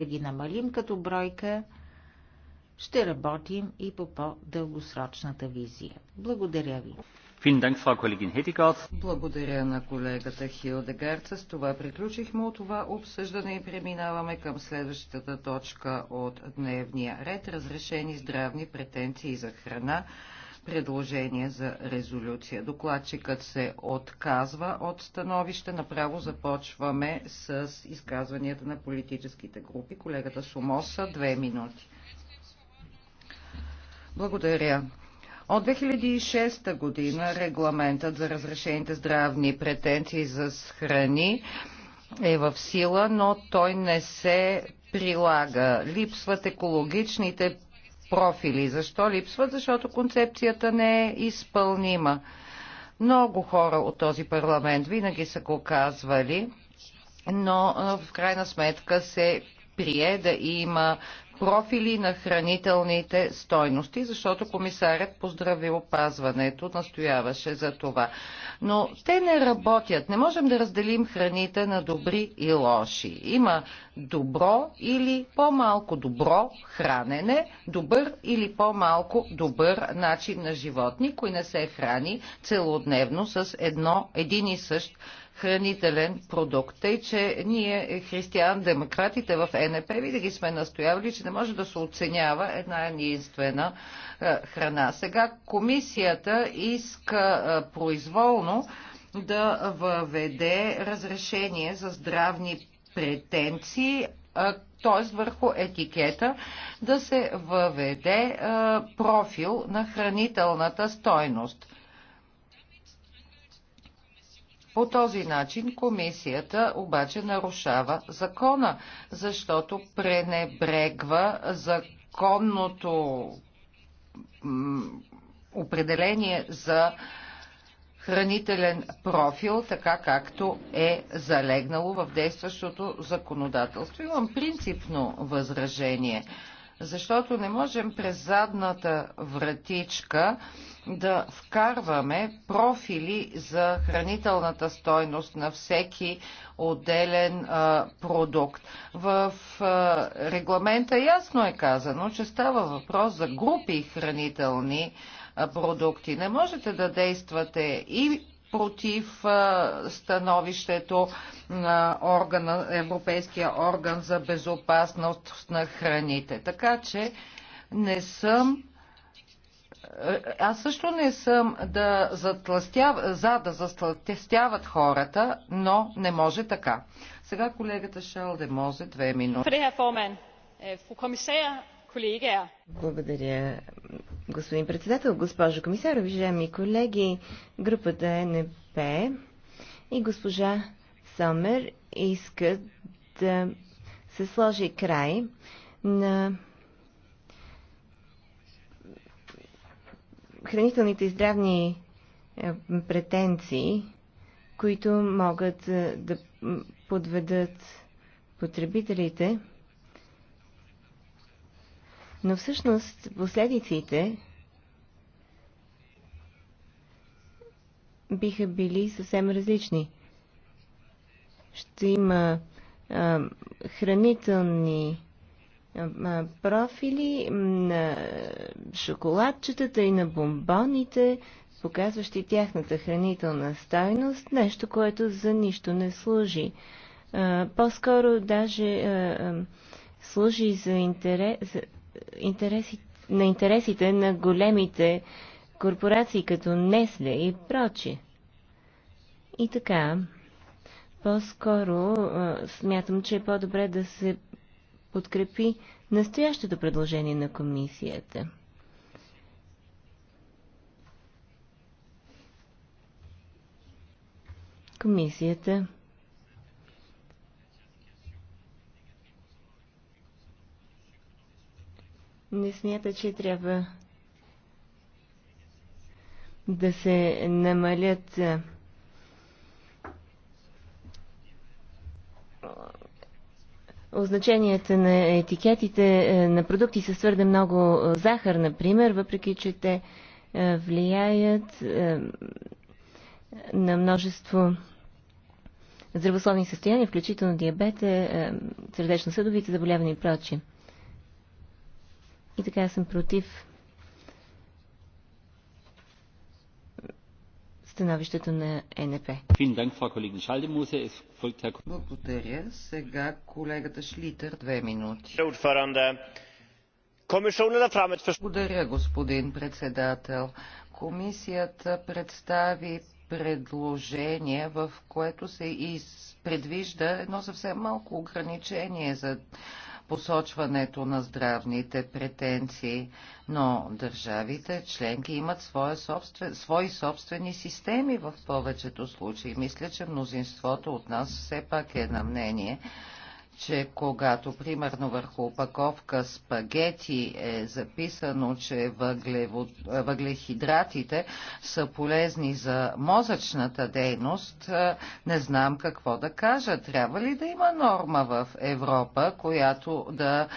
да ги намалим като бройка, ще работим и по по-дългосрочната визия. Благодаря ви. Благодаря на колегата Хилдегард. С това приключихме от това обсъждане и преминаваме към следващата точка от дневния ред. Разрешени здравни претенции за храна предложение за резолюция. Докладчикът се отказва от становище. Направо започваме с изказванията на политическите групи. Колегата Сумоса, две минути. Благодаря. От 2006 година регламентът за разрешените здравни претенции за храни е в сила, но той не се прилага. Липсват екологичните профили. Защо липсват? Защото концепцията не е изпълнима. Много хора от този парламент винаги са го казвали, но в крайна сметка се прие да има профили на хранителните стойности, защото комисарят по здравеопазването настояваше за това. Но те не работят. Не можем да разделим храните на добри и лоши. Има добро или по-малко добро хранене, добър или по-малко добър начин на живот. Никой не се храни целодневно с едно, един и същ хранителен продукт. Тъй, че ние, християн-демократите в НП, винаги сме настоявали, че не може да се оценява една единствена е, храна. Сега комисията иска е, произволно да въведе разрешение за здравни претенции, е, т.е. върху етикета да се въведе профил на хранителната стойност. По този начин комисията обаче нарушава закона, защото пренебрегва законното определение за хранителен профил, така както е залегнало в действащото законодателство. Имам принципно възражение защото не можем през задната вратичка да вкарваме профили за хранителната стойност на всеки отделен а, продукт. В а, регламента ясно е казано, че става въпрос за групи хранителни а, продукти. Не можете да действате и против становището на органа, Европейския орган за безопасност на храните. Така че не съм аз също не съм да затластяв... за да затластяват хората, но не може така. Сега колегата Шалде, може, две минути. Благодаря, господин председател, госпожо комисар, уважаеми колеги. Групата НП и госпожа Сомер искат да се сложи край на хранителните и здравни е, претенции, които могат е, да подведат потребителите но всъщност последиците биха били съвсем различни. Ще има а, хранителни а, профили на шоколадчетата и на бомбоните, показващи тяхната хранителна стойност, нещо, което за нищо не служи. по-скоро даже а, служи за интерес, интереси, на интересите на големите корпорации като Несле и прочи. И така, по-скоро смятам, че е по-добре да се подкрепи настоящото предложение на комисията. Комисията не смята, че трябва да се намалят означенията на етикетите на продукти с твърде много захар, например, въпреки че те влияят на множество здравословни състояния, включително диабета, сърдечно-съдовите заболявания и прочие. И така съм против становището на НП. Благодаря. Сега колегата Шлитър, две минути. Е, Благодаря, господин председател. Комисията представи предложение, в което се предвижда едно съвсем малко ограничение за посочването на здравните претенции, но държавите членки имат своя собствен, свои собствени системи в повечето случаи. Мисля, че мнозинството от нас все пак е на мнение, че когато примерно върху опаковка спагети е записано, че въглево, въглехидратите са полезни за мозъчната дейност, не знам какво да кажа. Трябва ли да има норма в Европа, която да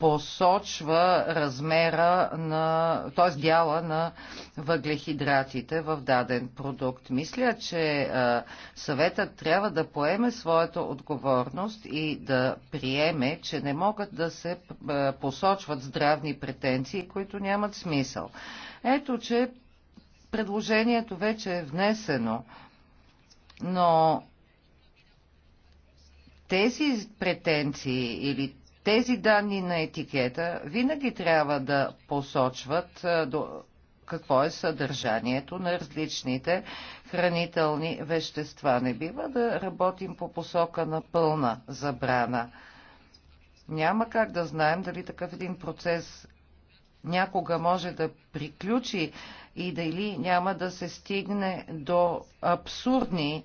посочва размера на, т.е. дяла на въглехидратите в даден продукт. Мисля, че е, съветът трябва да поеме своята отговорност и да приеме, че не могат да се е, посочват здравни претенции, които нямат смисъл. Ето, че предложението вече е внесено, но тези претенции или тези данни на етикета винаги трябва да посочват до какво е съдържанието на различните хранителни вещества. Не бива да работим по посока на пълна забрана. Няма как да знаем дали такъв един процес някога може да приключи и дали няма да се стигне до абсурдни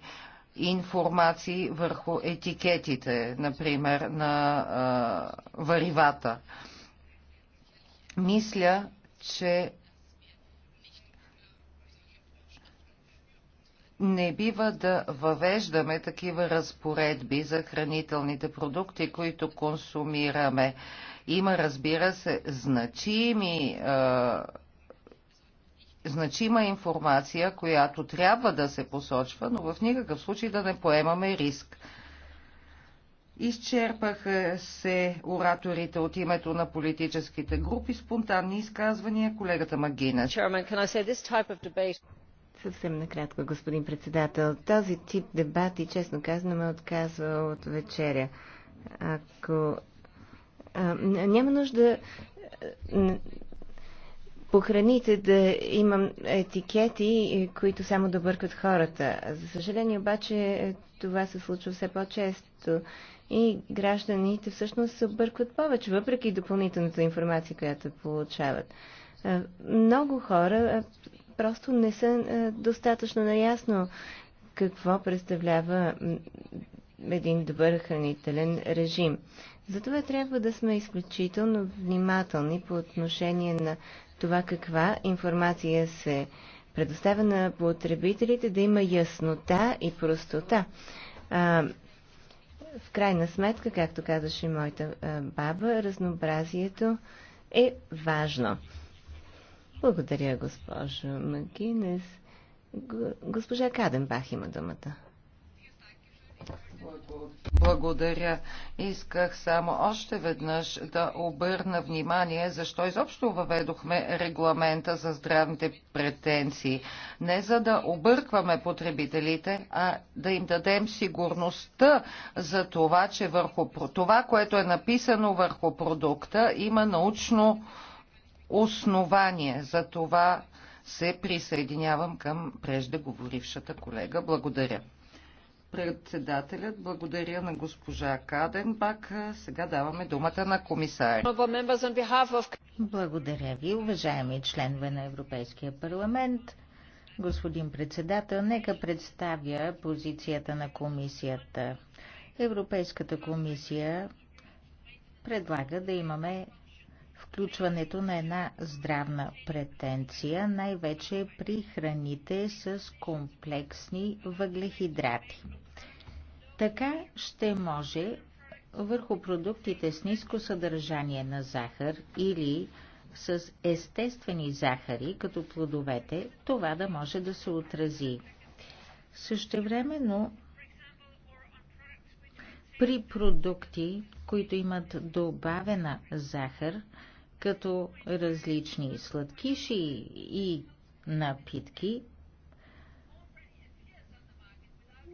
информации върху етикетите, например, на а, варивата. Мисля, че не бива да въвеждаме такива разпоредби за хранителните продукти, които консумираме. Има, разбира се, значими а, значима информация, която трябва да се посочва, но в никакъв случай да не поемаме риск. Изчерпаха се ораторите от името на политическите групи. Спонтанни изказвания. Колегата Магина. Съвсем накратко, господин председател. Този тип дебати, честно казано, ме отказва от вечеря. Ако... А, няма нужда по храните да имам етикети, е, които само да бъркат хората. За съжаление обаче е, това се случва все по-често и гражданите всъщност се объркват повече, въпреки допълнителната информация, която получават. Е, много хора просто не са достатъчно наясно какво представлява един добър хранителен режим. Затова трябва да сме изключително внимателни по отношение на това каква информация се предоставя на потребителите, да има яснота и простота. А, в крайна сметка, както казаше моята баба, разнообразието е важно. Благодаря, госпожо Магинес. Госпожа Каденбах има думата. Благодаря. Исках само още веднъж да обърна внимание, защо изобщо въведохме регламента за здравните претенции. Не за да объркваме потребителите, а да им дадем сигурността за това, че върху това, което е написано върху продукта, има научно основание. За това се присъединявам към преждеговорившата колега. Благодаря. Председателят, благодаря на госпожа Каденбак. Сега даваме думата на комисар. Благодаря ви, уважаеми членове на Европейския парламент. Господин председател, нека представя позицията на комисията. Европейската комисия предлага да имаме включването на една здравна претенция, най-вече при храните с комплексни въглехидрати. Така ще може върху продуктите с ниско съдържание на захар или с естествени захари, като плодовете, това да може да се отрази. Същевременно при продукти, които имат добавена захар, като различни сладкиши и напитки,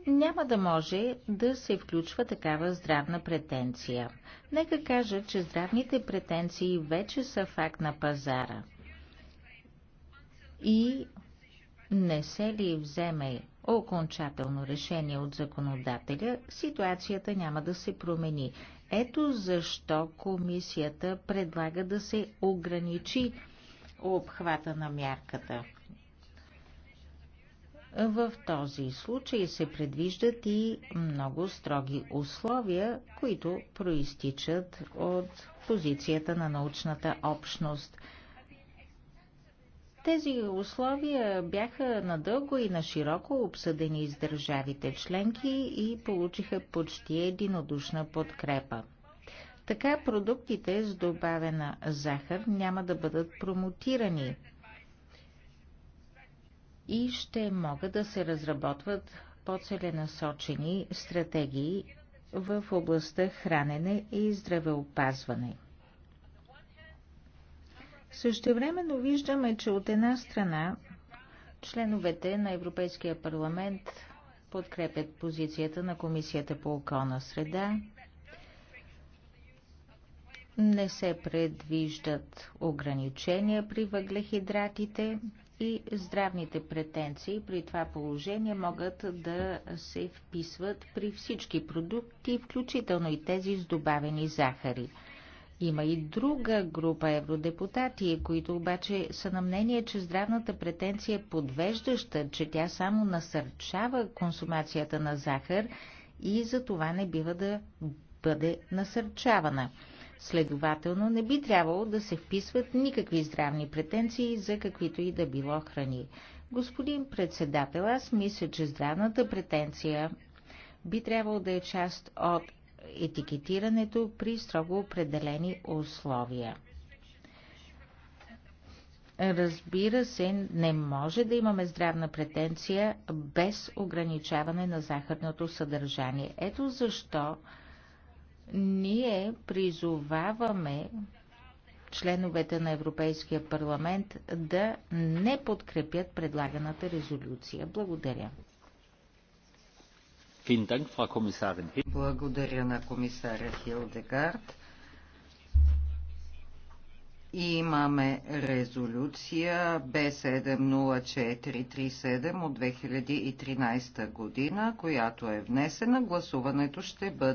няма да може да се включва такава здравна претенция. Нека кажа, че здравните претенции вече са факт на пазара. И не се ли вземе окончателно решение от законодателя, ситуацията няма да се промени. Ето защо комисията предлага да се ограничи обхвата на мярката. В този случай се предвиждат и много строги условия, които проистичат от позицията на научната общност – тези условия бяха надълго и на широко обсъдени с държавите членки и получиха почти единодушна подкрепа. Така продуктите с добавена захар няма да бъдат промотирани и ще могат да се разработват по-целенасочени стратегии в областта хранене и здравеопазване. Същевременно виждаме, че от една страна членовете на Европейския парламент подкрепят позицията на Комисията по околна среда. Не се предвиждат ограничения при въглехидратите и здравните претенции при това положение могат да се вписват при всички продукти, включително и тези с добавени захари. Има и друга група евродепутати, които обаче са на мнение, че здравната претенция е подвеждаща, че тя само насърчава консумацията на захар и за това не бива да бъде насърчавана. Следователно, не би трябвало да се вписват никакви здравни претенции за каквито и да било храни. Господин председател, аз мисля, че здравната претенция би трябвало да е част от етикетирането при строго определени условия. Разбира се, не може да имаме здравна претенция без ограничаване на захарното съдържание. Ето защо ние призоваваме членовете на Европейския парламент да не подкрепят предлаганата резолюция. Благодаря. Благодаря на комисаря Хилдегард. И имаме резолюция B70437 от 2013 година, която е внесена. Гласуването ще бъде